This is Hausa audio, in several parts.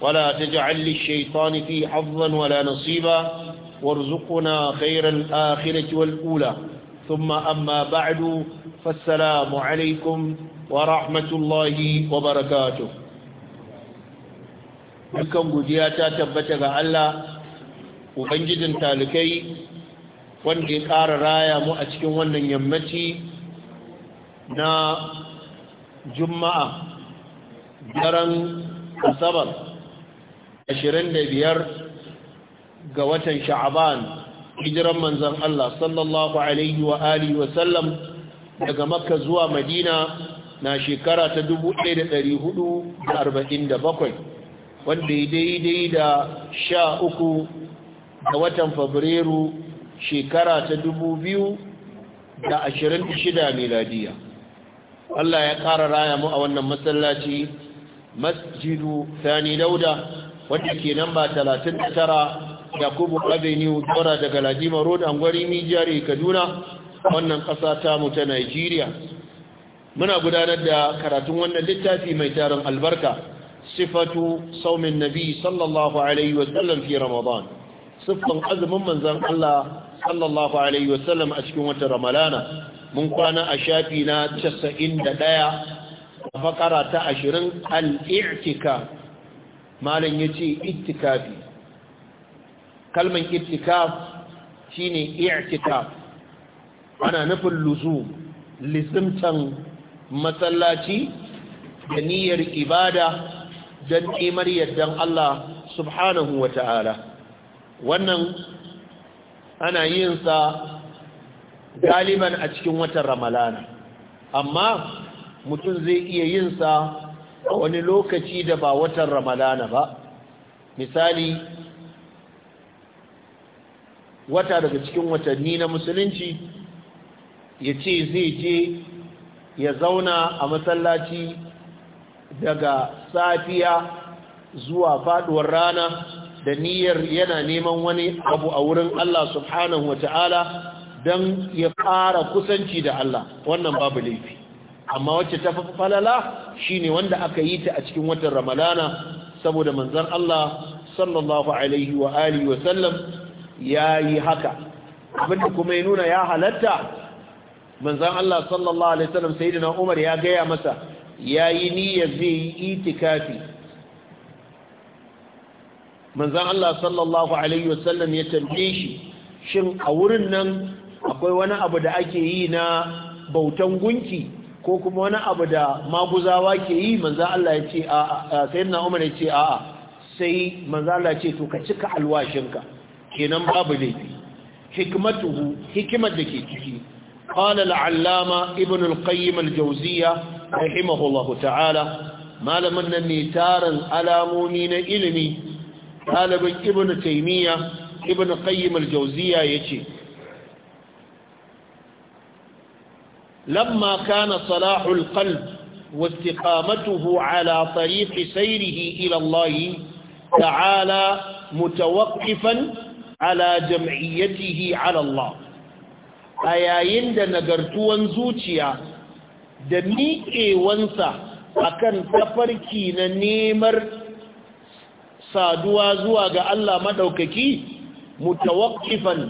ولا تجعل للشيطان في حظا ولا نصيبا وارزقنا خير الآخرة والأولى ثم أما بعد فالسلام عليكم ورحمة الله وبركاته dukkan gujiya ta tabbata ga Allah ubangijin talikai wanda ya ƙara raya mu a cikin wannan yammaci na juma'a daren asabar 25 ga watan sha'aban hijiran manzan Allah sallallahu alaihi wa alihi wa sallam daga makka zuwa madina na shekara ta 1447 wanda ya daidai da sha uku ga watan fabrairu shekara ta 2026 miladiya Allah ya ƙara raya mu a wannan masallaci masjidu sani dauda wadda ke namba 39 yakubu avenue dora daga Lajima road angwari mijari kaduna wannan ƙasa tamu ta nigeria muna gudanar da karatun wannan littafi mai tarin albarka sifatu saumin nabi sallallahu alaihi wasallam fi ramadan siffan azumin manzan Allah sallallahu alaihi wasallam a cikin watan ramalana mun kwana a shafi na 91 a fakara ta 20 al malam ya ce itikafi kalman itikaf ne i'tikaf ana nufin luzum lisimtan masallaci da niyyar ibada don imar yardan Allah subhanahu wa ta'ala wannan ana yin sa galiban a cikin watan ramalana amma mutum zai iya yin sa a wani lokaci da ba watan ramadana ba misali wata daga cikin watanni na musulunci ya ce zai je ya zauna a masallaci daga safiya zuwa faduwar rana da niyyar yana neman wani abu a wurin Allah subhanahu wa ta'ala don ya ƙara kusanci da Allah wannan babu laifi amma wacce ta fi falala shine wanda aka yi ta a cikin watan ramadana saboda manzan Allah sallallahu alaihi wa alihi wa sallam yayi haka abinda kuma ya nuna ya halatta Manzan Allah sallallahu alaihi wa sallam sayyidina Umar ya gaya masa yayi niyyar zai yi itikafi Manzan Allah sallallahu alaihi wa sallam ya tambaye shi shin a wurin nan akwai wani abu da ake yi na bautan gunki ko kuma wani abu da maguzawa ke yi manza Allah ya ce a'a sayin na umar ya ce a sai manza Allah ya ce to ka cika alwashinka kenan babu ne hikmatuhu hikimar da ke ciki ƙalal allama ibn alƙayyim aljauziya rahimahullahu ta'ala malamin nan ne taron alamomi na ilimi ɗalibin ibn taymiya ibn alƙayyim aljauziya ya ce لما كان صلاح القلب واستقامته على طريق سيره إلى الله تعالى متوقفا على جمعيته على الله أيين دنقرتوا زوتيا دميئي وانسى akan tafarki na nemar saduwa zuwa ga Allah madaukaki mutawaqqifan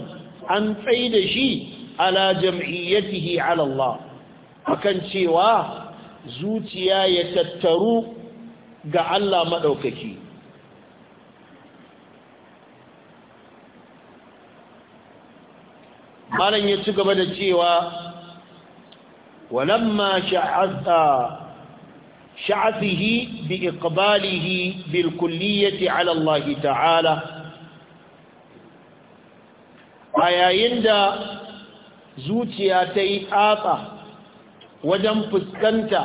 an tsaida shi ala jam'iyyatihi ala Allah akan cewa zuciya ya tattaru ga Allah maɗaukaki malam ya ci gaba da cewa walamma sha'atha sha'athihi bi iqbalihi bil kulliyati ala Allah ta'ala a yayin da zuciya ta yi tsatsa wajen fuskanta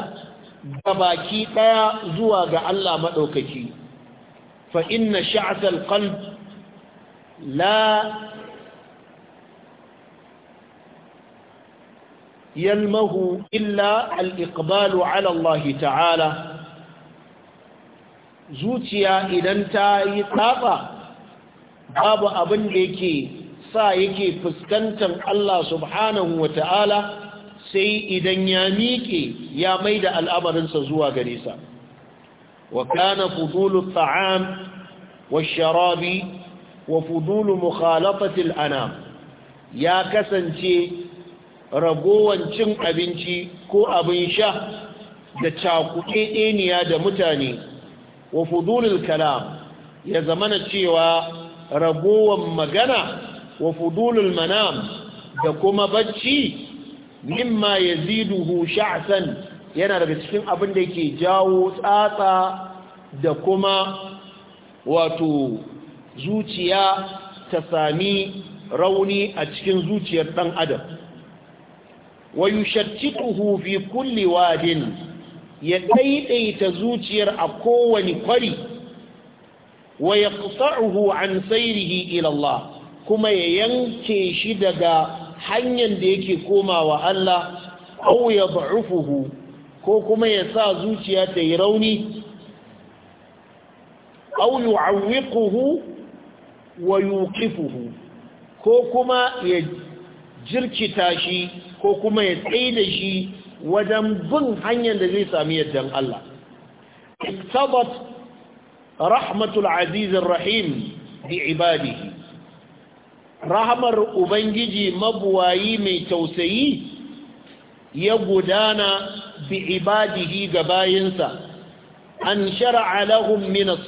ga baki ɗaya zuwa ga Allah maɗaukaki fa inna sha'atar qalb la yalmahu illa al’iƙbalu ala Allah ta'ala zuciya idan ta yi tsaba babu abin da yake sa yake fuskantar Allah subhanahu wa ta'ala sai idan ya miƙe ya mai da al'amarinsa zuwa gare sa wa kana fudulu ta'am wa sharabi wa fudulu mukhalafatil anam ya kasance ragowan cin abinci ko abin sha da cakuɗe ɗeniya da mutane wa fudulul kalam ya zamana cewa ragowan magana wa fudulul manam da kuma bacci mimma yaziduhu sha'san yana daga cikin abin da ke jawo tsatsa da kuma wato zuciya ta sami rauni a cikin zuciyar ɗan adam wa yushattituhu fi kulli wadin ya daidaita zuciyar a kowane kwari wa yaqta'uhu an sairihi ila Allah kuma ya yanke shi daga hanyar da yake komawa Allah au ya ba'ufuhu ko kuma ya sa zuciya ta yi rauni au yu'awwiquhu wa yuqifuhu ko kuma ya jirkita shi ko kuma ya tsaida shi wajen bin hanyar da zai sami yaddan Allah iktabat rahmatul azizir rahim bi ibadihi rahamar ubangiji mabuwayi mai tausayi ya gudana bi ibadihi ga bayinsa an shar'a lahum min as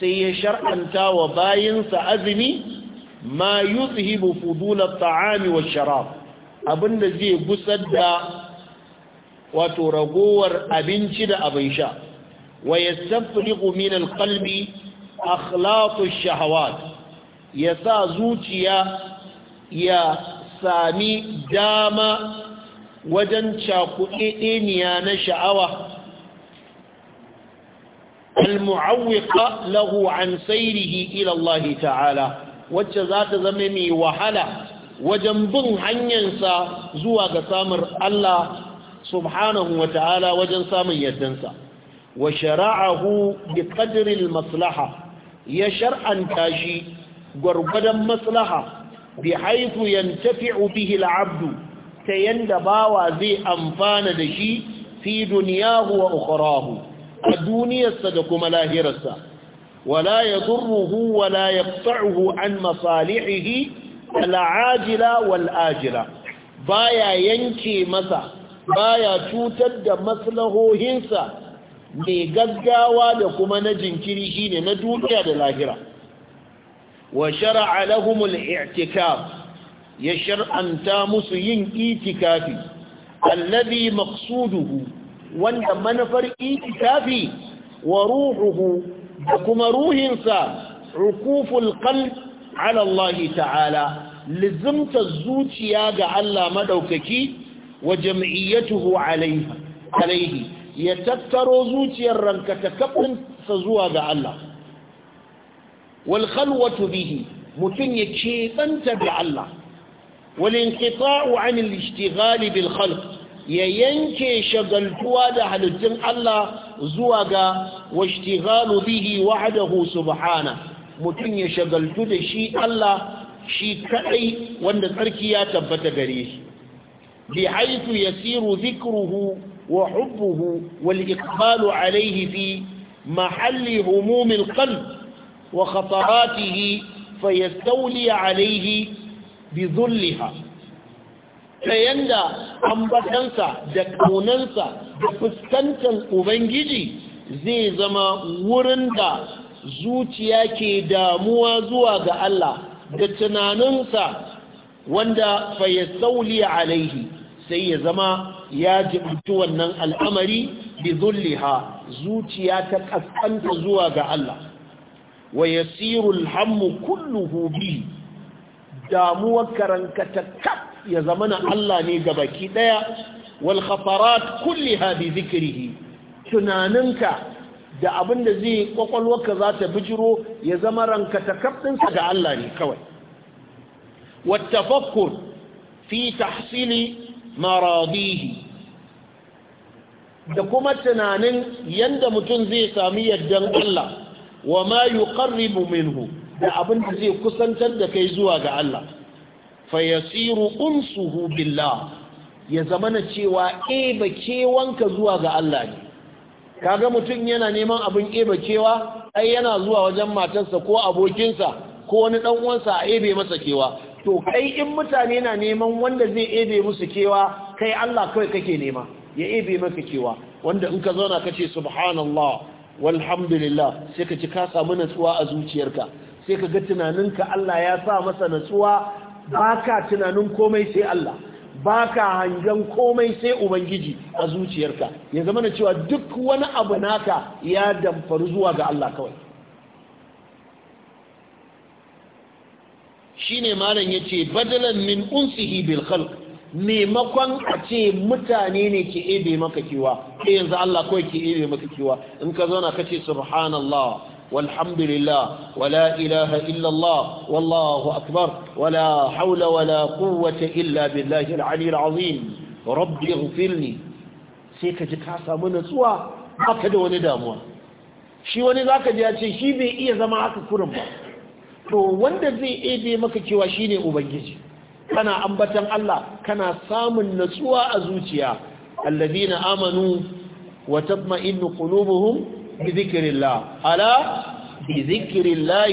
sai ya shar'anta wa bayinsa azumi ma yuzhibu fudul at-ta'am wa sharaf. abinda zai gusar da wato ragowar abinci da abin sha wa ya min al-qalbi akhlaq ash-shahawat ya sa zuciya ya sami dama wajen cakuɗeɗeniya na sha'awa al-mu'awwiqa lahu an sayrihi ila Allah ta'ala wacce za ta zama mai wahala wajen bin hanyarsa zuwa ga samun Allah subhanahu wa ta'ala wajen samun yardansa wa shara'ahu bi qadri al-maslaha ya shar'anta shi gwargwadon maslaha bi haifu yantafi'u bihi al'abdu ta yanda bawa zai amfana da shi fi duniyahu wa ukhrahu a duniyarsa da kuma lahirarsa wala yadurruhu wala yaqta'uhu an masalihihi al'ajila wal ajila baya yanke masa baya cutar da maslahohinsa mai gaggawa da kuma na jinkiri shine na duniya da lahira wa shara'a lahumul itikaf ya shar'anta musu yin itikafi alladhi maqsuduhu wanda manufar itikafi wa ruhuhu da kuma ruhinsa rukuful qalb ala Allah ta'ala lizimta zuciya ga Allah madaukaki wa jam'iyyatuhu alayhi ya tattaro zuciyar ranka ta zuwa ga Allah wal bihi mutum ya ce tsanta da Allah wal inqita'u 'an bil khalq ya yanke shagaltuwa da halittun Allah zuwa ga washtighalu bihi wahdahu subhana mutum ya shagaltu da shi Allah shi kadai wanda tsarki ya tabbata gare shi bi haythu yasiru dhikruhu wa hubbuhu wal iqbalu alayhi fi mahalli humumil qalb وخطراته فيستولي عليه بذلها فيندى أنبتنسى دكوننسى ubangiji الأبنجي زي زما ورندى zuciya ke damuwa zuwa ga Allah da tunaninsa wanda fayasauli alaihi sai ya zama ya jibci wannan al'amari bi zulliha zuciya ta kaskanta zuwa ga Allah wa yasiru hammu kulluhu bi damuwar karankata kaf ya zamana Allah ne ga baki ɗaya. wal khafarat kulliha bi zikrihi tunaninka da abin da zai kwakwalwarka za ta bijiro ya zama ranka ɗinsa ga Allah ne kawai wattafakkur fi tahsili maradihi da kuma tunanin yanda mutum zai sami yaddan Allah wa ma yuqarribu minhu da abin da zai kusantar da kai zuwa ga Allah fa yasiru unsuhu billah ya zamana cewa eba kewanka zuwa ga Allah ne kaga mutum yana neman abin eba kewa ai yana zuwa wajen matarsa ko abokinsa ko wani dan uwansa a ebe masa kewa to kai in mutane na neman wanda zai ebe musu kewa kai Allah kawai kake nema ya ebe maka kewa wanda in ka zauna kace subhanallah walhamdulillah sai ka ci ka samu natsuwa a zuciyarka sai ka ga tunaninka Allah ya sa masa natsuwa Ba ka tunanin komai sai Allah Ba ka hangen komai sai ubangiji a zuciyarka ya zama na cewa duk wani abu naka ya damfaru zuwa ga Allah kawai Shi ne malam ce, badalan min unsihi bil khalq maimakon a ce mutane ne ke ebe maka kiwa ke yanzu Allah kawai ke ebe maka kiwa in ka zauna ka ce subhanallah walhamdulillah wala ilaha illallah wallahu akbar wala haula wala quwwata illa billahi al-ali al-azim rabbi ighfirli sai ka ji ka samu natsuwa baka da wani damuwa shi wani zaka ji ya ce shi bai iya zama haka kurin ba to wanda zai ebe maka kiwa shine ubangiji kana ambatan Allah kana samun natsuwa a zuciya allazina amanu wa tatma'innu qulubuhum bi dhikrillah ala bi dhikrillah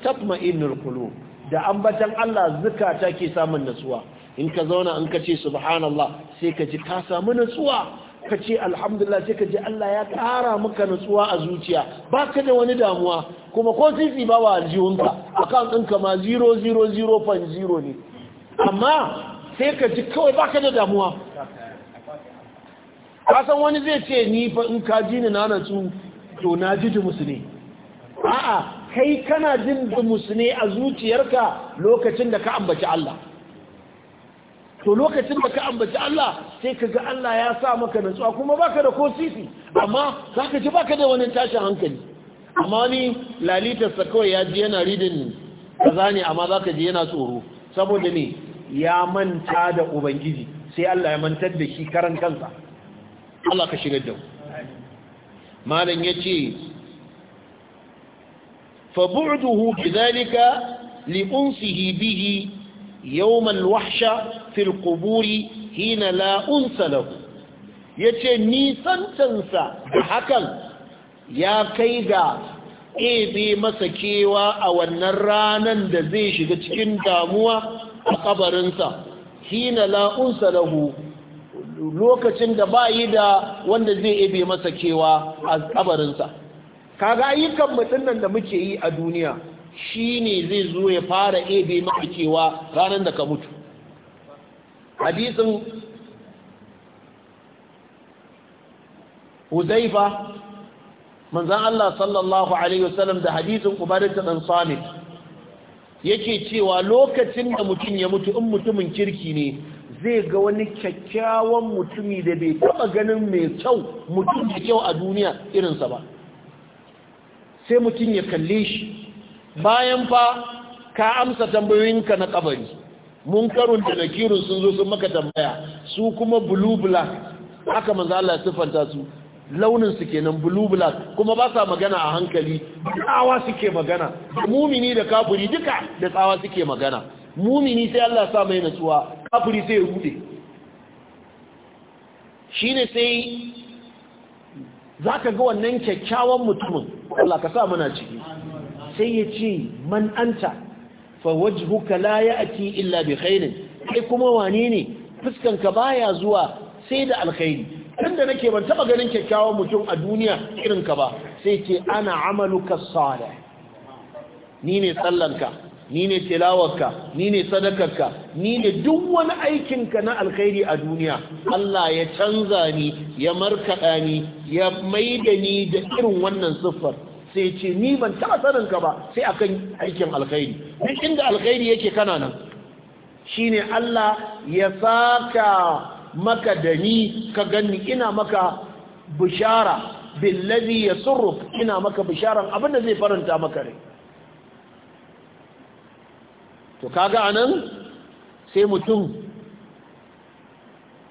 tatma'innul qulub da ambatan Allah zakata ke samun natsuwa in ka zauna in ka ce subhanallah sai ka ji ka samu natsuwa ka ce alhamdulillah sai ka ji Allah ya ƙara maka nutsuwa a zuciya ba ka da wani damuwa kuma ko sisi ba wa aljihunka akan ɗinka ma 000.0 ne amma sai ka ji kawai baka da damuwa kasan wani zai ce ni fa in ka ji ni na natsu to na ji dumus ne a'a kai kana jin dumus ne a zuciyarka lokacin da ka ambaci Allah to lokacin da ka ambaci Allah sai ka ga Allah ya sa maka natsuwa kuma baka da ko sisi amma zaka ji baka da wani tashin hankali amma ni lalitarsa kawai ya ji yana ridin kaza ne amma zaka ji yana tsoro saboda ne ya manta da ubangiji sai Allah ya mantar da shi karan kansa Allah ka shigar da malam yace fa bu'duhu bidhalika li bihi yawm wahsha fi al hina la unsa yace nisantansa da hakan ya kai ga ebe masa kewa a wannan ranan da zai shiga cikin damuwa a kabarinsa hina la'unsa lahu lokacin da ba yi da wanda zai ebe masa kewa a kabarinsa kaga ayyukan mutum nan da muke yi a duniya shi ne zai zo ya fara ebe maka kewa ranar da ka mutu hadisin huzaifa manzan Allah sallallahu Alaihi wasallam da hadisin ubarin ta ɗan samit yake cewa lokacin da mutum ya mutu in mutumin kirki ne zai ga wani kyakkyawan mutumi da bai taba ganin mai kyau mutum da kyau a duniya irinsa ba sai mutum ya kalle shi bayan fa ka amsa tambayoyinka na kabari karun da nakirun sun zo sun maka tambaya su kuma blue black haka manzo Allah ya sifanta su launin su kenan blue black kuma ba sa magana a hankali tsawa suke magana mumini da kafiri duka da tsawa suke magana mumini sai Allah sa mai natsuwa kafiri sai ya rude shine sai zaka ga wannan kyakkyawan mutumin Allah ka sa mana ciki sai ya ce man anta fa wajhuka la ya'ti illa bi khairin kai kuma wane ne fuskanka baya zuwa sai da alkhairi tun da nake ban taba ganin kyakkyawan mutum a duniya irin ka ba sai ce ana amaluka salih ni ne tsallanka ni ne tilawarka ni ne sadakarka ni ne duk wani aikinka na alkhairi a duniya Allah ya canza ni ya markaɗa ni ya maida ni da irin wannan siffar sai ce ni ban taɓa saninka ba sai akan aikin alkhairi duk inda alkhairi yake kana nan shine Allah ya saka maka da ni ka ganni ina maka bishara billazi yasurruk ina maka bisharan abinda zai faranta maka rai to kaga anan sai mutum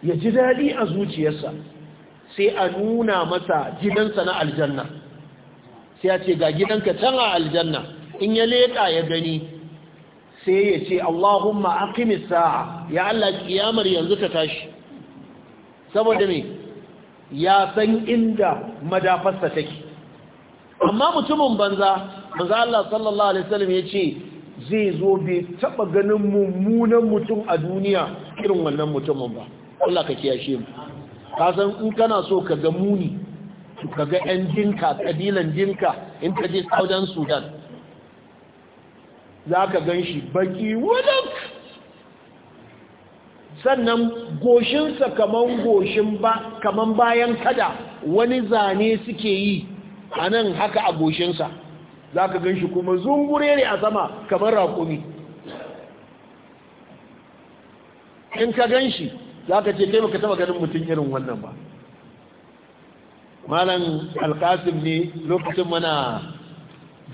ya ji daɗi a zuciyarsa sai a nuna masa gidansa na aljanna sai ya ce ga gidanka can a aljanna in ya leƙa ya gani sai ya ce Allahumma aqimis sa'a ya Allah kiyamar yanzu ta tashi saboda me ya san inda madafarsa take amma mutumin banza banza Allah sallallahu alaihi wasallam yace zai zo bai taba ganin mummunan mutum a duniya irin wannan mutumin ba Allah ka kiyashe mu ka san in kana so ka ga muni ka ga yan jinka kabilan jinka in ka je Southern Sudan za ka gan shi baki wadanka sannan goshinsa kaman goshin ba kaman bayan kada wani zane suke yi a nan haka a goshinsa za ka gan shi kuma zungure ne a sama kamar raƙumi in ka gan shi za ka ce kai maka taba ganin mutum irin wannan ba malam alkasim ne lokacin mana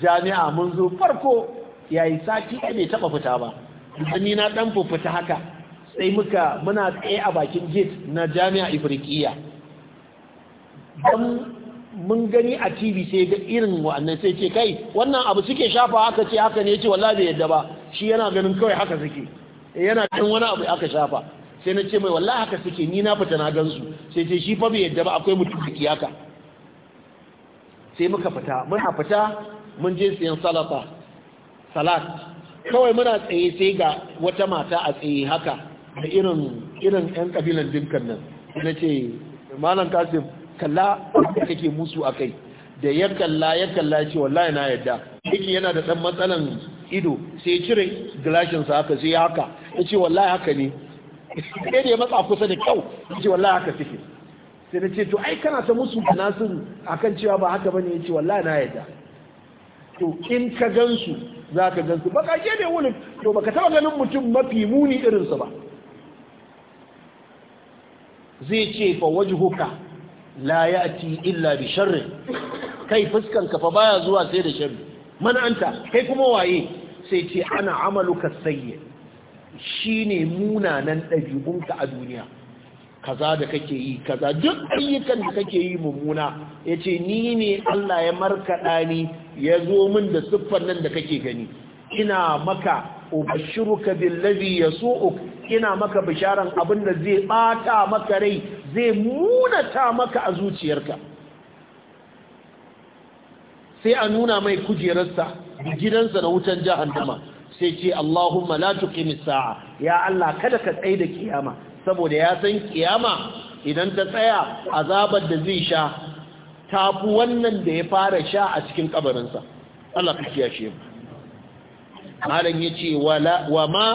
jami'a mun zo farko yayi sati ne taba fita ba ni na dan haka sai muka muna tsaye a bakin gate na jami'a ifriqiya don mun gani a tv sai ga irin wa'annan sai ce kai wannan abu suke shafa haka ce haka ne ce walla bai yadda ba shi yana ganin kawai haka suke eh, yana ganin wani abu aka shafa sai na ce mai walla haka suke ni na fita na gansu sai ce shi fa bai yadda ba akwai mutum da kiyaka sai muka fita muna fita mun je siyan salata salat kawai muna tsaye sai ga wata mata a tsaye haka da irin irin yan kabilan dinkan nan na ce malam kasim kalla da kake musu a kai da ya kalla ya kalla ce wallahi na yadda yake yana da dan matsalan ido sai cire gilashinsa haka sai haka ya ce wallahi haka ne sai da ya matsa kusa da kyau ya ce wallahi haka suke sai na ce to ai kana ta musu da a akan cewa ba haka bane ya ce wallahi na yadda to in ka gansu za ka gansu baka je ne wuni to baka taba ganin mutum mafi muni irinsa ba zai ce fa wajhuka la ya'ti illa bi sharri kai fuskan ka fa baya zuwa sai da sharri man kai kuma waye sai ce ana amaluka sayyi shine munanan dabi'unka a duniya kaza da kake yi kaza duk ayyukan da kake yi mummuna yace ni ne Allah ya markada ni ya zo min da siffar nan da kake gani ina maka ubashiruka billazi yasu'uk ina maka bisharan abin da zai bata maka rai zai munata maka a zuciyarka sai a nuna mai kujerarsa gidansa na wutan jahannama sai ce Allahumma la tuqimis sa'a ya Allah kada ka tsaye da kiyama saboda ya san kiyama idan ta tsaya azabar da zai sha tafi wannan da ya fara sha a cikin kabarinsa Allah ka kiyashe mu malam yace ce wa ma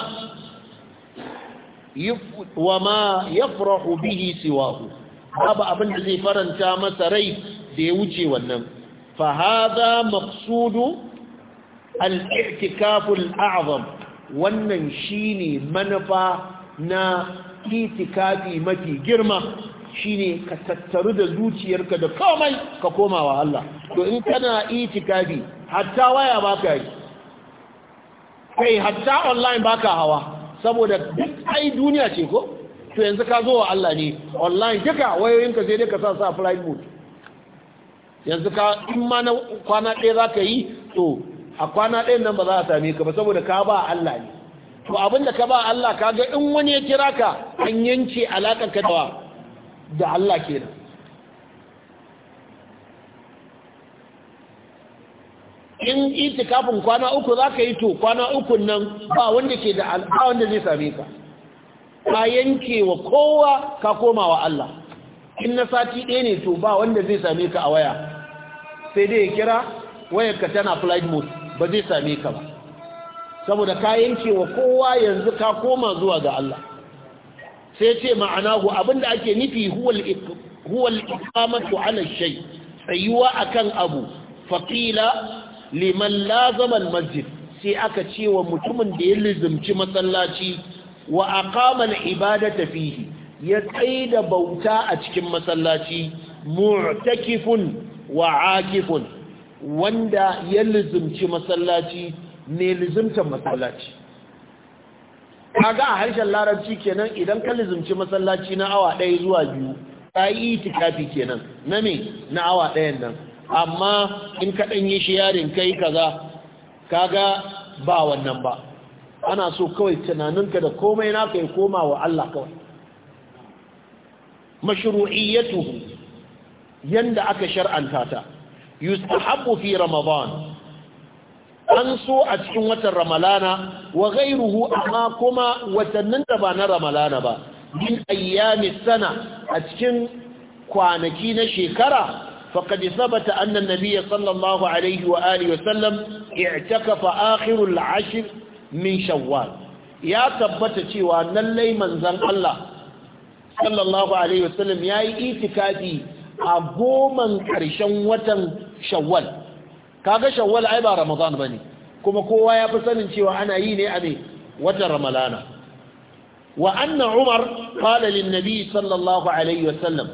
wa ma yafrahu bihi siwahu babu abin da zai faranta masa rai da ya wuce wannan fa hadha maqsudu al-i'tikaf azam wannan shine manufa na itikafi mafi girma shine ka tattaru da zuciyarka da komai ka koma wa Allah to in kana itikafi hatta waya baka yi kai hatta online baka hawa saboda ai duniya ce ko to yanzu ka zo wa Allah ne online duka wayoyinka sai dai ka sa sa flight mode yanzu ka in ma na kwana ɗaya za ka yi to a kwana ɗayan nan ba za a same ka ba saboda ka ba Allah ne to da ka ba Allah ka ga in wani ya kira ka an yance alaƙar ka da Allah kenan in kafin kwana uku za ka yi to kwana uku nan ba wanda ke da ba wanda zai same ka ka yanke wa kowa ka koma wa Allah in na sati ɗaya ne to ba wanda zai same ka a waya sai dai ya kira wayarka tana flight mode ba zai same ka ba saboda ka yanke wa kowa yanzu ka koma zuwa ga Allah sai ce ku abinda ake nufi huwal iqamatu ala shay tsayuwa akan abu faqila liman lazama masjid sai aka ce wa mutumin da ya lizumci masallaci wa aqama al-ibadata fihi ya tsaida bauta a cikin masallaci mu'takifun wa aqifun wanda ya lizumci masallaci ne lizumtan masallaci kaga a harshen larabci kenan idan ka lizumci masallaci na awa ɗaya zuwa biyu ka yi itikafi kenan na me na awa ɗayan nan amma in ka ɗanyi shi yarin kai kaza kaga ba wannan ba ana so kawai tunaninka da komai naka ya koma wa Allah kawai mashru'iyyatuhu yanda aka shar'anta ta yustahabbu fi ramadan an so a cikin watan ramalana wa ghayruhu amma kuma watannin da ba na ramalana ba min ayyami sana a cikin kwanaki na shekara فقد ثبت أن النبي صلى الله عليه وآله وسلم اعتكف آخر العشر min shawwal ya tabbata cewa lallai manzan Allah sallallahu alaihi wasallam yayi itikafi a goman karshen watan shawwal kaga shawwal ai ba ramadan bane kuma kowa ya fi sanin cewa ana yi ne a ne watan ramalana wa anna umar qala lin nabi sallallahu alaihi wasallam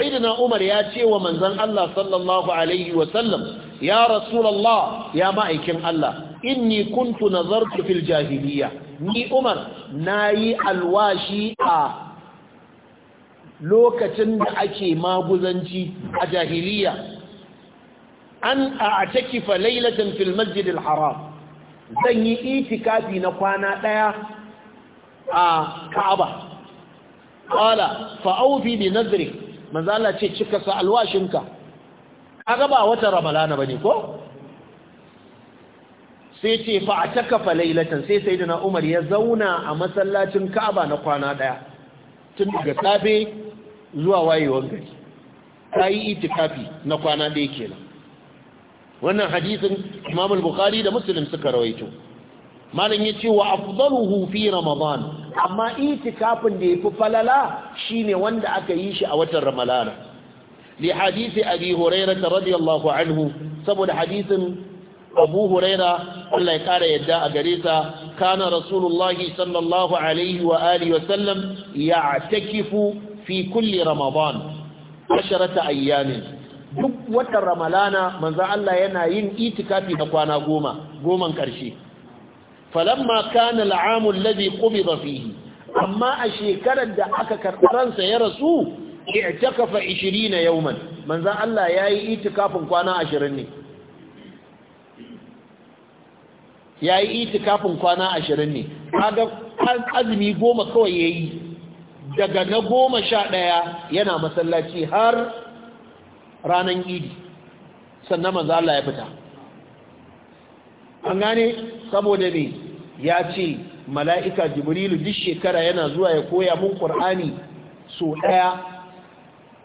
sayyidina umar ya ce wa manzan Allah sallallahu alaihi wasallam ya rasulullah ya ma'aikin Allah inni kuntu nazartu fil jahiliya ni Umar nayi alwashi a lokacin da ake maguzanci a jahiliya an a'takifa laylatan fil masjid al haram zan yi itikafi na kwana daya a Ka'aba qala fa awfi bi nadri ce cika sa alwashinka kaga ba watan ramalana ne, ko sai ce fa a fa lailatan sai sai na umar ya zauna a masallacin ka'aba na kwana daya tun daga safe zuwa wayewar gari ta yi itikafi na kwana daya kenan wannan hadisin imam al-bukhari da muslim suka rawaito malam ya ce wa afdaluhu fi ramadan amma itikafin da yafi falala shine wanda aka yi shi a watan ramalana li hadisi abi hurairah radiyallahu anhu saboda hadisin abu huraira Allah ya yadda a gare sa kana rasulullahi sallallahu alaihi wa alihi wa sallam ya'takifu fi kulli ramadan asharata ayyamin duk watan Ramadana, manzo Allah yana yin itikafi na kwana goma goman karshe falamma kana al'amu alladhi qubida fihi amma a shekarar da aka karɓi ransa ya rasu i'takafa 20 yawman manzo Allah yayi itikafin kwana 20 ne yayi itikafin kwana 20 ne kaga azumi goma kawai yayi daga na goma sha ɗaya yana masallaci har ranan idi sannan manzo Allah ya fita an gane saboda ne ya ce mala'ika jibrilu duk shekara yana zuwa ya koya mun ƙur'ani so ɗaya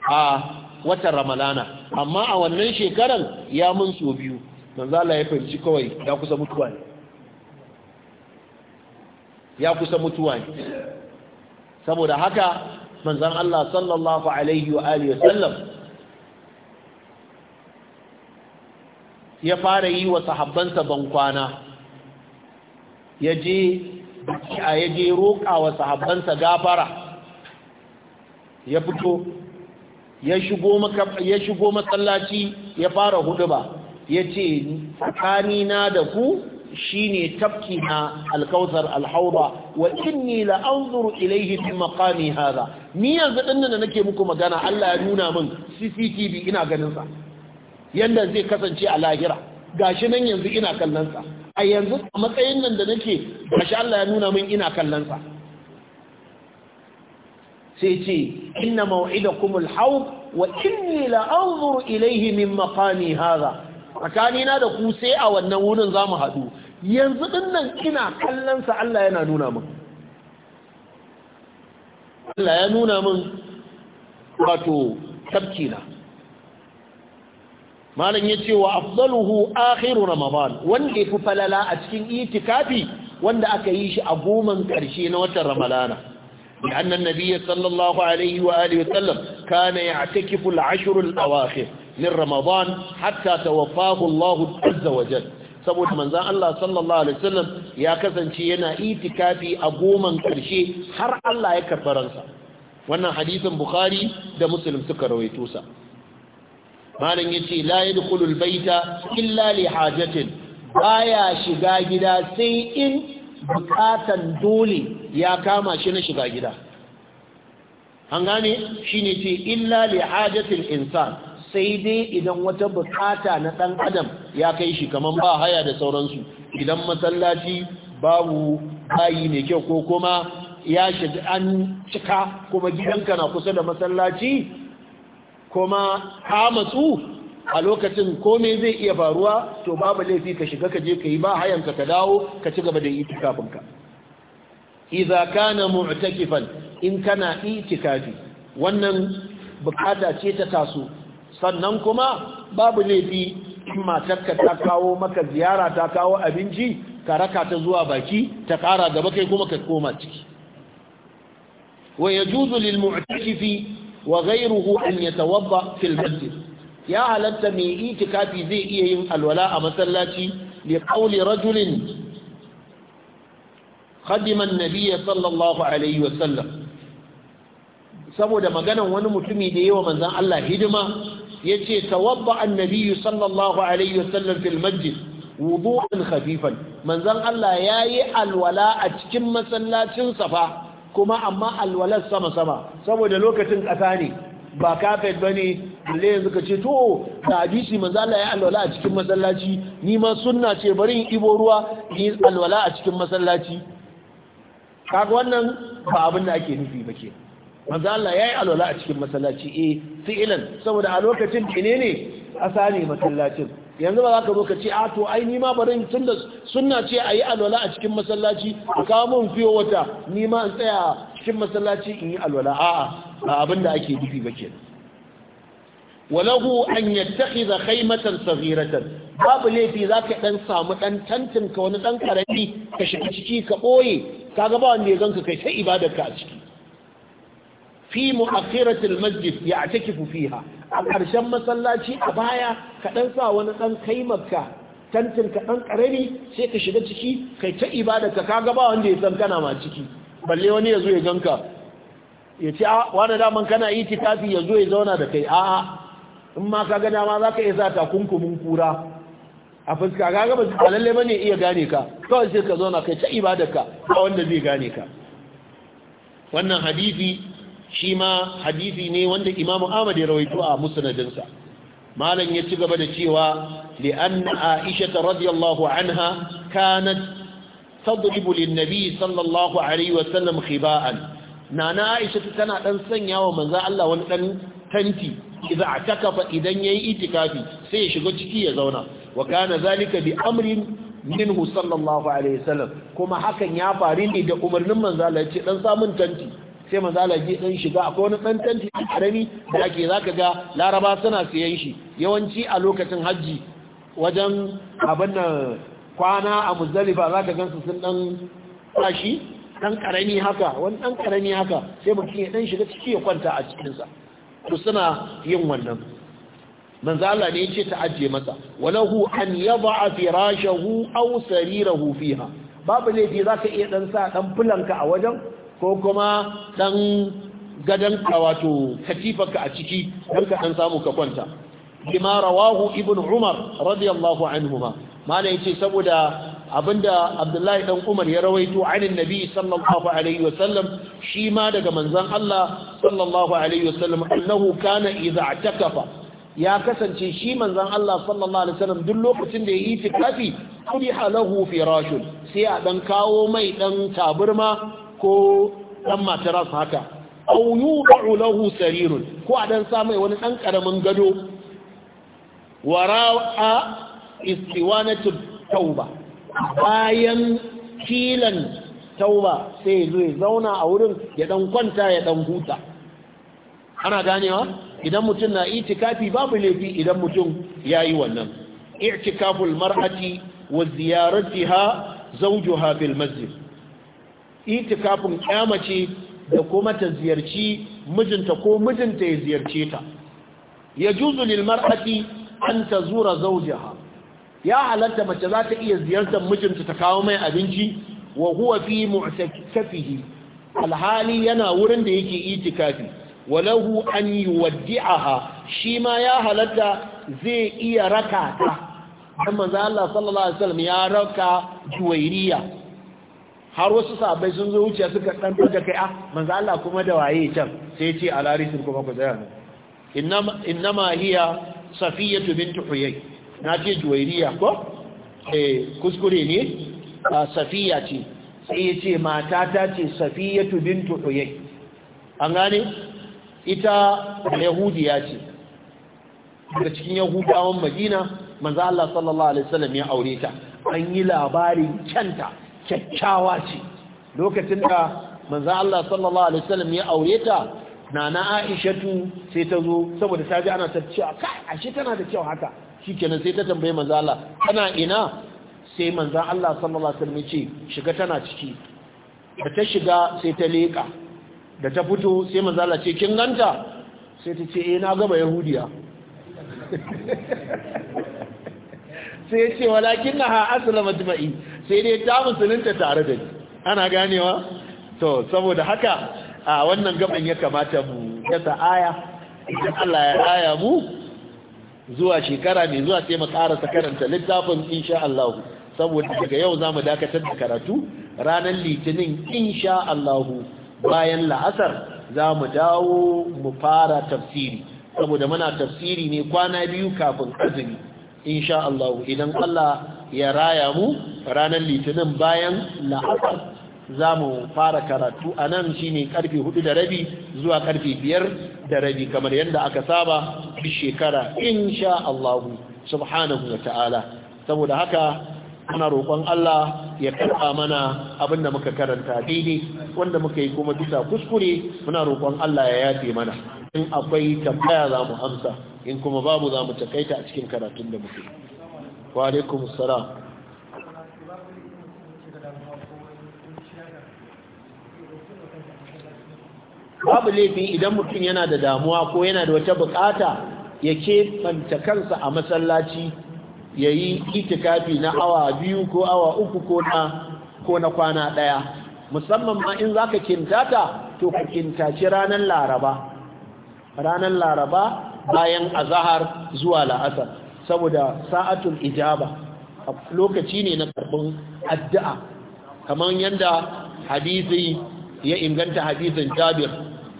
a watan ramalana amma a wannan shekaran ya mun so biyu manzo Allah ya fahimci kawai ya kusa mutuwa ne ya kusa mutuwa ne saboda haka manzan Allah sallallahu alaihi wa alihi sallam ya fara yi wa sahabbansa bankwana ya je a ya je roƙa wa sahabbansa gafara ya fito ya shigo masallaci ya fara huduba ya ce tsakanina da ku shine tafki na alkausar alhaura wa inni la anzuru ilayhi fi maqami hadha ni yanzu din nan nake muku magana Allah ya nuna min CCTV ina ganin sa yanda zai kasance a lahira gashi nan yanzu ina kallon sa a yanzu a matsayin nan da nake gashi Allah ya nuna min ina kallon sa sai ce inna maida kuma hawd wa inni la ilaihi min maqami haza tsakanina da ku sai a wannan wurin zamu hadu yanzu dinnan ina kallonsa Allah yana nuna min Allah ya nuna min wato tabkina malam ya ce wa afdaluhu akhiru ramadan wanda yafi falala a cikin itikafi wanda aka yi shi a goman ƙarshe na watan ramadana لأن النبي صلى الله عليه وآله وسلم كان يعتكف العشر الأواخر من رمضان حتى توفاه الله عز وجل saboda manzan Allah sallallahu Alaihi wasallam ya kasance yana itikafi a goman ƙarshe har Allah ya karɓi ransa wannan hadisin Bukhari da Muslim suka rawaito sa malam yace la yadkhulul baita illa li hajatin baya shiga gida sai in bukatan dole ya kama shi na shiga gida an gane shi ne ce illa li hajjatin insan sai dai idan wata bukata na ɗan adam ya kai shi kamar ba haya da sauransu idan masallaci babu bayi mai kyau ko kuma ya shiga an cika kuma gidanka na kusa da masallaci kuma ha matsu a lokacin komai zai iya faruwa to babu laifi ka shiga ka je ka yi ba hayanka ka dawo ka ci gaba da itikafinka idza kana mu'takifan in kana itikafi wannan bukata ce ta taso sannan kuma babu laifi matarka ta kawo maka ziyara ta kawo abinci ka raka ta zuwa baki ta kara gaba kai kuma ka koma ciki wa yajuzu lil mu'takifi wa ghayruhu an yatawadda fil masjid ya halatta mai itikafi zai iya yin alwala a masallaci li rajulin khadima an sallallahu alaihi saboda maganan wani mutumi da yawa manzon Allah hidima yace tawadda an-nabiy sallallahu alaihi wa fil masjid wudu'an khafifan manzon Allah yayi alwala a cikin masallacin safa kuma amma alwalar sama sama saboda lokacin kasa ne ba kafet bane balle yanzu ce to da hadisi manzala ya alwala a cikin masallaci ni ma sunna ce bari in ibo ruwa in alwala a cikin masallaci kaga wannan ba abin da ake nufi ba ke manzala ya yayi alwala a cikin masallaci eh fi'lan saboda a lokacin ne ne sani masallacin yanzu ba za ka zo ka ce a ah, to ai ni ma bari tun da sunna ce a yi alwala a cikin masallaci a kawo mun fiye wata ni ma in tsaya cikin masallaci in yi alwala a'a ba abin da ake nufi ba kenan walahu an yattakhidha khaymatan saghiratan babu laifi zaka dan samu dan tantin ka wani dan karami ka shiga ciki ka boye kaga ba wanda ya ganka kai sai ibadar ka a ciki fi mu'akhirati almasjid ya'takifu fiha a karshen masallaci a baya ka dan sa wani dan kaimarka tantin ka dan karami sai ka shiga ciki kai ta ibadar ka kaga ba wanda ya san kana ma ciki balle wani ya zo ya ganka ya ce wani daman kana tafi ya zo ya zauna da kai a'a in ma ka ga ma za ka iya sa takunkumin kura a fuska ga gaba ba lalle ya iya gane ka kawai sai ka zauna kai ta ibadarka ba wanda zai gane ka wannan hadisi shi ma hadisi ne wanda Imam Ahmad ya rawaito a musnadinsa malam ya ci gaba da cewa li'an Aisha radiyallahu anha kanat tadribu lin-nabi sallallahu alaihi wa sallam khiba'an nana Aisha tana dan wa manzo Allah wani dan tanti idza atakafa idan yayi itikafi sai ya shiga ciki ya zauna wa kana zalika bi amrin minhu sallallahu alaihi wasallam kuma hakan ya faru ne da umarnin manzo Allah ce dan samun tanti sai manzo Allah ji dan shiga akwai wani dan tanti a karami da ake zaka ga laraba suna siyan shi yawanci a lokacin haji wajen abin nan kwana a muzdalifa zaka gansu sun dan tashi dan karami haka wani dan karami haka sai mutum ya dan shiga ciki ya kwanta a cikin sa Ku suna yin wannan manzo Allah ne yace ta ajiye masa walahu an yad'a firashahu aw sarirahu fiha babu laifi ka iya dan sa dan fulanka a wajen ko kuma dan gadan wato katifarka a ciki dan ka dan samu ka kwanta bima rawahu ibn umar radiyallahu anhuma malai yace saboda abinda abdullahi dan umar ya rawaito anin nabi sallallahu alaihi wasallam shi ma daga manzon Allah sallallahu alaihi wasallam annahu kana idza takafa ya kasance shi manzon Allah sallallahu alaihi wasallam duk lokacin da yayi tikafi kuri halahu firashun sai a dan kawo mai dan taburma ko dan matras haka aw yu'u lahu sarirun ko a dan sa wani dan karamin gado wara'a istiwanatu tauba bayan filan tauba sai zai ya zauna a wurin ya dan kwanta ya dan huta ana ganewa idan mutum na itikafi babu laifi idan mutum ya yi wannan itikaful mar'ati wa ziyaratiha zawjuha fil masjid itikafin kyamace da kuma ta ziyarci mijinta ko mijinta ya ziyarce ta yajuzu lil mar'ati an tazura zawjaha ya halatta mace za ta iya ziyartar mijinta ta kawo mai abinci wa huwa fi mu'tasafihi alhali yana wurin da yake itikafi walahu an yuwaddi'aha shi ma ya halatta zai iya raka ta dan manzo Allah sallallahu alaihi wasallam ya raka juwairiya har wasu sahabbai sun zo wuce suka dan da kai ah manzo Allah kuma da waye can sai ya ce alarisin kuma ku tsaya inna inna hiya safiyatu bint huyay na ce juwairiya ko eh kuskure ne safiya ce sai ya ce mata ta ce safiyatu bintu uyay an gane ita yahudiya ce daga cikin yahudawan madina manzo Allah sallallahu alaihi wasallam ya aure ta an yi labarin kyanta kyakkyawa ce lokacin da manzo Allah sallallahu alaihi wasallam ya aure ta nana Aishatu sai ta zo saboda ta ji ana ta cewa kai ashe tana da kyau haka kenan sai ta tambaye manzo Allah kana ina sai manzo Allah sallallahu alaihi wasallam ya ce shiga tana ciki da ta shiga sai ta leka da ta fito sai manzo Allah ce kin ganta sai ta ce eh na gaba yahudiya sai ya ce walakin na ha aslamat ma'i sai dai ta musulunta tare da ni ana ganewa to saboda haka a wannan gaban ya kamata mu ya aya idan Allah ya aya mu zuwa shekara mai zuwa sai mu karasa karanta littafin insha Allah saboda daga yau zamu dakatar da karatu ranar litinin insha Allah bayan la'asar za mu dawo mu fara tafsiri saboda muna tafsiri ne kwana biyu kafin azumi insha Allah idan Allah ya raya mu ranar litinin bayan la'asar za mu fara karatu a nan shi ne karfe hudu da rabi zuwa karfe biyar da rabi kamar yadda aka saba bi shekara insha Allah subhanahu wa ta'ala saboda haka ana roƙon Allah ya karɓa mana abinda muka karanta daidai wanda muka yi kuma bisa kuskure muna roƙon Allah ya yafe mana in akwai tambaya za mu amsa in kuma babu za mu takaita a cikin karatun da muke wa alaikum salam babu laifi idan mutum yana da damuwa ko yana da wata bukata ya keɓanta kansa a masallaci ya yi itikafi na awa biyu ko awa uku ko na kwana ɗaya musamman ma in za ka kintata to ka kintaci ranar laraba ranar laraba bayan azahar zuwa la'asar saboda Sa'atun ijaba lokaci ne na karɓin addu'a kamar yadda hadisi ya inganta hadisin jabir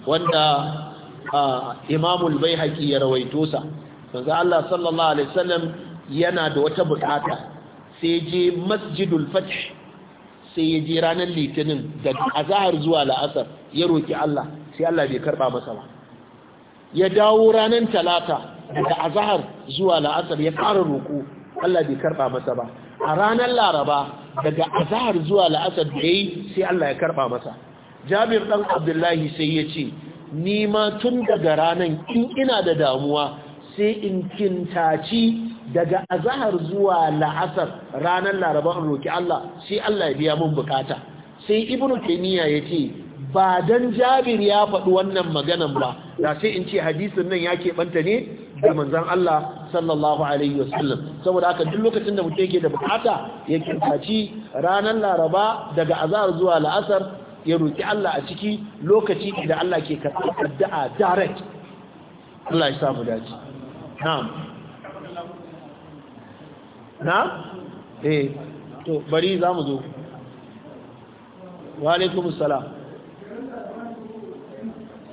wanda imamul bai haƙi ya rawaito sa manzo Allah sallallahu alaihi wasallam yana da wata bukata sai je masjidul fatih sai ya je ranar litinin da azahar zuwa la'asar ya roƙi Allah sai Allah bai karɓa masa ba ya dawo ranar talata da azahar zuwa la'asar ya fara roko Allah bai karba masa ba a ranar laraba daga azahar zuwa la'asar da yayi sai Allah ya karɓa masa jabir ɗan abdullahi sai ya ce ni ma tun daga ranar in ina da damuwa sai in kintaci daga azahar zuwa la'asar ranar laraba in roki Allah sai Allah ya biya mun bukata sai ibnu ya ce, ba dan jabir ya faɗi wannan maganan ba da sai in ce hadisin nan ya keɓanta ne da manzon Allah sallallahu alaihi wasallam saboda haka duk lokacin da mutum yake da bukata ya kintaci ranar laraba daga azahar zuwa la'asar ya roƙi Allah a ciki lokaci da Allah ke karɓar addu'a direct Allah ya samu dace na'am na eh to bari za mu zo wa alaikum assalam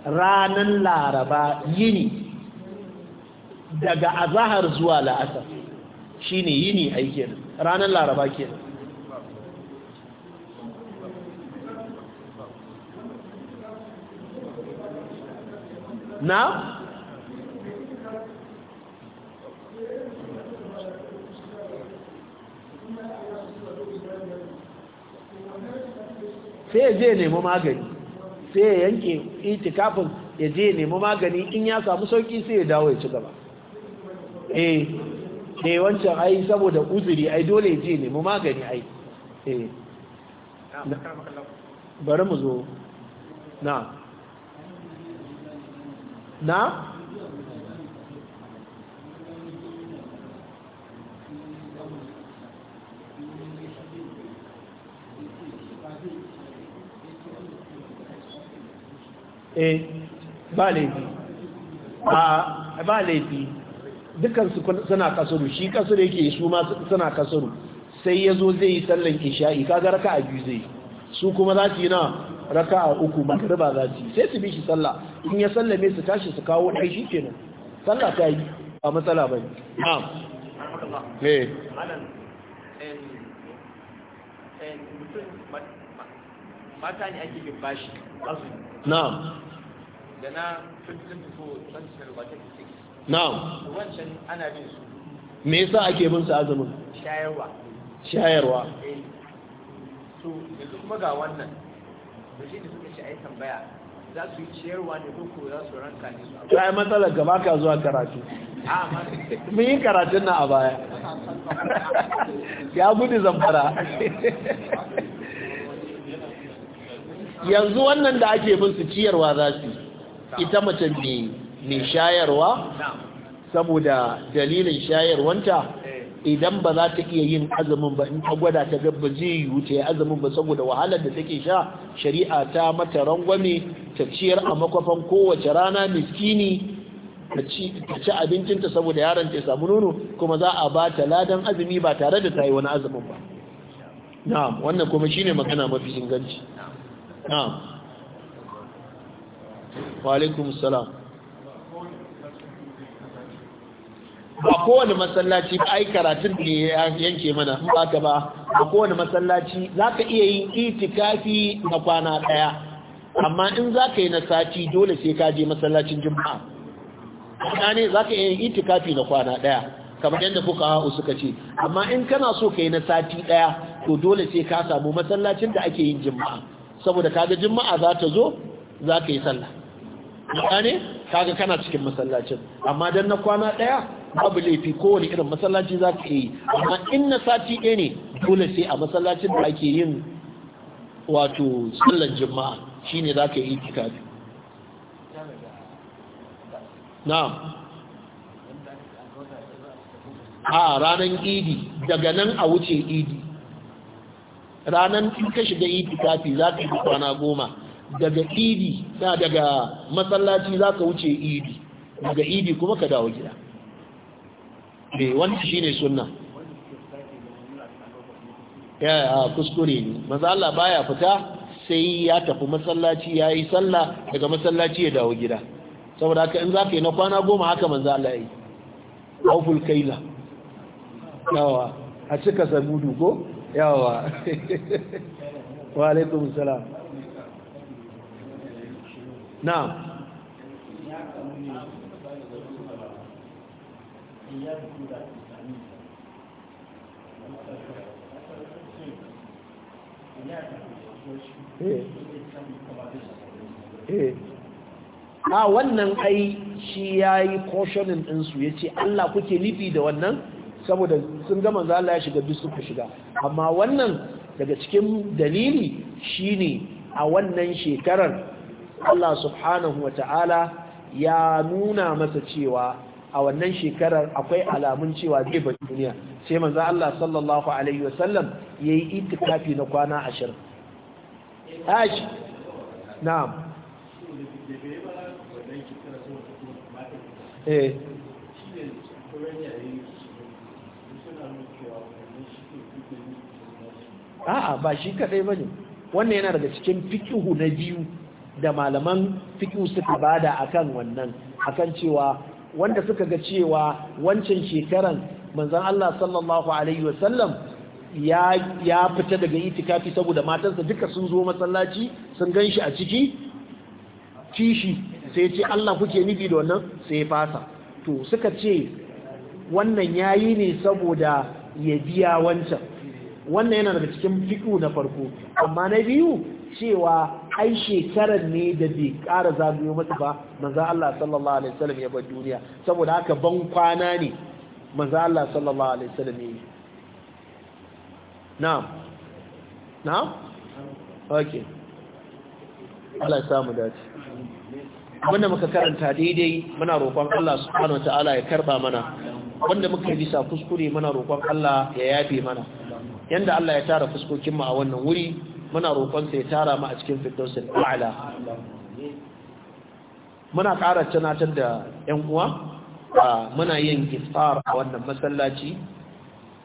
ranan laraba yini daga azahar zuwa la'asar shine yini aikin ranan laraba kenan na sai ya je nemi magani sai ya yanke itikafin ya je nemi magani in ya samu sauki sai ya dawo ya ci gaba eh ne eh, wancan ai saboda uzuri ai dole ya je nemi magani ai eh bari mu zo na na e ba laifi a ba laifi su suna kasuru shi kasuru yake su ma suna kasuru sai ya zo zai yi sallan isha'i kaga raka a biyu zai su kuma za su yi na raka a uku magariba za su yi sai su bi shi sallah in ya sallame su tashi su kawo ɗai shi kenan sallah ta yi a matsala ba ne na'am eh mata ne ake bin bashi azumi na'am da na 2024 na'am wancan ana bin su me yasa ake bin su azumin shayarwa shayarwa so eh. yanzu kuma ga wannan da shi da suka shi ai tambaya za su yi ciyarwa ne ko za su ranka ne Ya yi matsalar gaba ka zuwa karatu mun yi karatun na a baya ya gudu zamfara yanzu wannan da ake bin su ciyarwa za su ita mace mai shayarwa saboda dalilin shayarwanta idan ba za ta iya yin azumin ba in ta gwada ta ga ba zai yiwu ta azumin ba saboda wahalar da take sha shari'a ta mata rangwame ta ciyar a makwafan kowace rana miskini ta ci abincinta saboda yaron ta samu nono kuma za a ba ta ladan azumi ba tare da ta yi wani azumin ba na'am wannan kuma shine magana mafi inganci na'am wa alaikum salam ba kowane masallaci ba ai karatun da ya yanke mana in ba ka ba a kowane masallaci za ka iya yin itikafi na kwana ɗaya amma in za ka yi na sati dole sai ka je masallacin juma'a kwana ne za ka iya yin itikafi na kwana ɗaya kamar yadda kuka ha'u suka ce amma in kana so ka yi na sati ɗaya to dole sai ka samu masallacin da ake yin juma'a saboda kaga juma'a za ta zo za ka yi sallah ka kaga kana cikin masallacin amma dan na kwana ɗaya babu laifi kowane irin masallaci za ka yi amma in na sati ɗaya ne dole sai a masallacin da ake yin wato sallar jima'a shine za ka yi itikafi na'am a ranar idi daga nan a wuce idi ranar ka shiga itikafi za ka yi kwana goma daga idi na daga masallaci za ka wuce idi daga idi kuma ka dawo gida me shi ne sunna ya kuskure ne manzo baya fita sai ya tafi masallaci ya yi sallah daga masallaci ya dawo gida saboda haka in za ka yi na kwana goma haka manzo Allah ya yi auful kaila yawa a cika sabudu ko yawa wa alaikun salam na'am Eh. Eh. a ah, wannan ai shi ya yi koshonin ɗinsu ya ce Allah kuke nufi da wannan saboda sun gama za Allah ya shiga duk suka shiga amma wannan daga cikin dalili shine a wannan shekarar Allah subhanahu wa ta'ala ya nuna masa cewa a wannan shekarar akwai alamun cewa zai ba duniya sai manzo Allah sallallahu alaihi wasallam yayi itikafi na kwana 20 ash na'am eh a'a ba shi kadai bane wannan yana daga cikin fiqhu na biyu da malaman fiqhu suka bada akan wannan akan cewa wanda suka ga cewa wancan shekaran manzon Allah sallallahu alaihi wasallam ya ya fita daga itikafi saboda matansa duka sun zo masallaci sun ganshi a ciki kishi sai ce Allah kuke nufi da wannan sai fasa to suka ce wannan yayi ne saboda ya biya wancan wannan yana daga cikin fiƙo na farko amma na biyu cewa ai shekarar ne da bai ƙara zagayo masa ba manzo Allah sallallahu alaihi wasallam ya bar duniya saboda haka ban kwana ne manzo Allah sallallahu alaihi wasallam ya na'am na'am okay Allah ya samu dace Wanda muka karanta daidai muna roƙon Allah subhanahu wataala ya karba mana wanda muka sa kuskure muna roƙon Allah ya yafe mana yanda Allah ya tara fuskokin mu a wannan wuri muna roƙon sai tara mu a cikin firdausul a'la muna ƙara tunatar da 'yan uwa muna yin iftar a wannan masallaci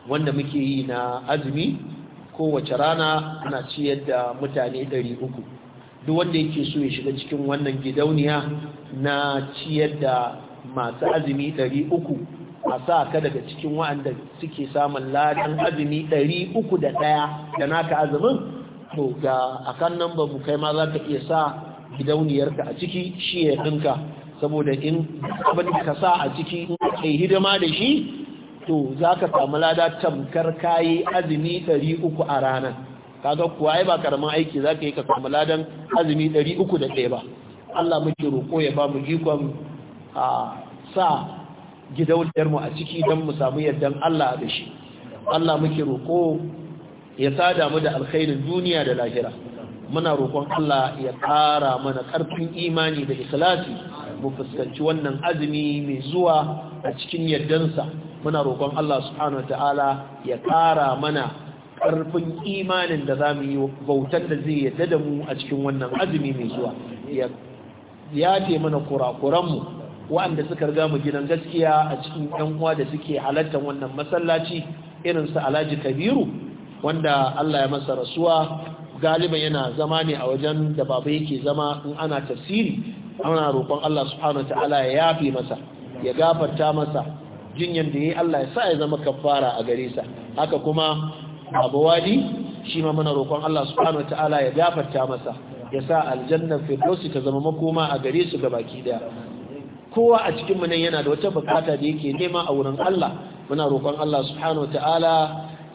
wanda muke yi na azumi kowace rana ana ciyar da mutane 300 duk wanda yake so ya shiga cikin wannan gidauniya na ciyar da masu azumi 300 a sa ka daga cikin wa'anda suke samun ladan azumi ɗari uku da ɗaya da naka azumin to ga akan nan ba mu kai ma za ka iya sa gidauniyarka a ciki shi ya ɗinka saboda in abin ka sa a ciki in ka hidima da shi to za ka samu lada tamkar kayi azumi ɗari uku a ranar kaga kuwa ai ba karamin aiki za ka yi ka samu ladan azumi ɗari uku da ɗaya ba Allah muke roƙo ya ba mu ikon a sa gidauniyarmu a ciki don mu samu yardan Allah da shi Allah muke roƙo ya sada mu da alkhairin duniya da lahira muna roƙon Allah ya ƙara mana ƙarfin imani da ikhlasi mu fuskanci wannan azumi mai zuwa a cikin yardansa muna roƙon Allah subhanahu ta'ala ya ƙara mana ƙarfin imanin da za mu yi bautar da zai yadda da mu a cikin wannan azumi mai zuwa ya ce mana kurakuranmu waɗanda suka riga mu gidan gaskiya a cikin 'yan uwa da suke halartar wannan masallaci irinsu alhaji kabiru wanda Allah ya masa rasuwa galiban yana zama ne a wajen da baba yake zama in ana tafsiri ana roƙon Allah subhanahu ta'ala ya yafe masa ya gafarta masa jinyan da yi Allah ya sa ya zama kafara a gare sa haka kuma Abu Wadi shi ma muna roƙon Allah subhanahu ta'ala ya gafarta masa ya sa aljannar firdausi ta zama makoma a gare su baki daya kowa a cikin mu nan yana da wata bukata da yake nema a wurin Allah muna roƙon Allah subhanahu ta'ala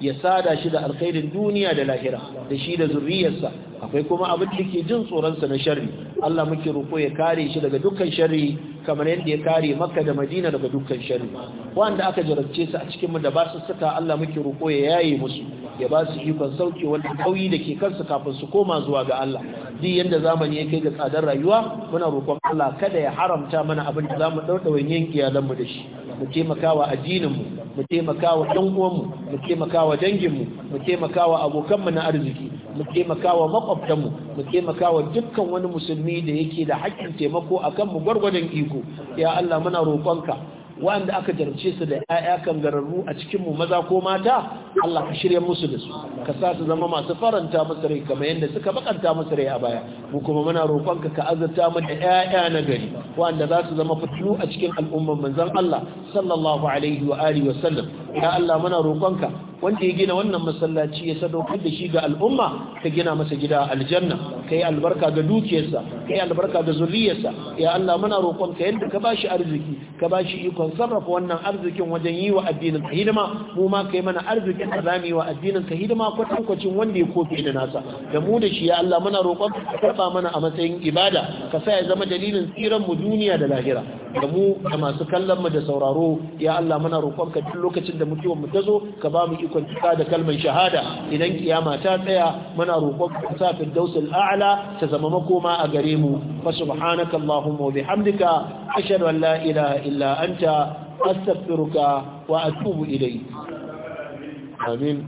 ya sada shi da alkhairin duniya da lahira da shi da zurriyarsa akwai kuma abin da ke jin tsoronsa na sharri Allah muke roko ya kare shi daga dukkan sharri kamar yadda ya kare Makka da Madina daga dukkan sharri wanda aka jarabce su a cikin mu da ba su saka Allah muke roko ya yaye musu ya ba su ikon sauke wannan kauyi da ke kansu kafin su koma zuwa ga Allah duk yanda zamani ya kai ga tsadar rayuwa muna roƙon Allah kada ya haramta mana abin da zamu daudawa yin iyalan mu da shi mu taimakawa addininmu mu taimakawa ɗan uwanmu mu taimakawa danginmu mu taimakawa abokanmu na arziki mu taimakawa makwabtanmu mu taimakawa dukkan wani musulmi da yake da haƙƙin taimako akan mu gwargwadon iko ya Allah muna roƙonka wanda aka jarabce su da ‘ya'ya kangararru a cikinmu maza ko mata Allah ka shirya musu da su ka sa su zama masu faranta masu rai kamar yadda suka bakanta masu rai a baya mu kuma muna roƙonka ka azurta mu da ‘ya'ya na gari wanda za su zama fitilu a cikin al'umman manzon Allah sallallahu alaihi wa alihi wa sallam ya Allah muna roƙonka wanda ya gina wannan masallaci ya sadaukar da shi ga al'umma ka gina masa gida aljanna ka yi albarka ga dukiyarsa ka yi albarka ga zuriyarsa ya Allah muna roƙon ka yadda ka bashi arziki ka ba shi ikon sarrafa wannan arzikin wajen yi wa addinin ka hidima mu ma kai mana arzikin da zamu yi wa addinin ka hidima kwacin wanda ya kofi da nasa da mu da shi ya Allah muna roƙon ka karɓa mana a matsayin ibada ka sa ya zama dalilin tsiran mu duniya da lahira da mu da masu kallon mu da sauraro ya Allah muna roƙon ka duk lokacin da mutuwar mu ta zo ka ba mu ikon da kalmar shahada idan kiyama ta tsaya muna roƙon ka sa firdausul a'la ta zama makoma a gare mu fa subhanaka allahumma wa bihamdika ashhadu an la ilaha illa anta astaghfiruka wa atubu ilayk amin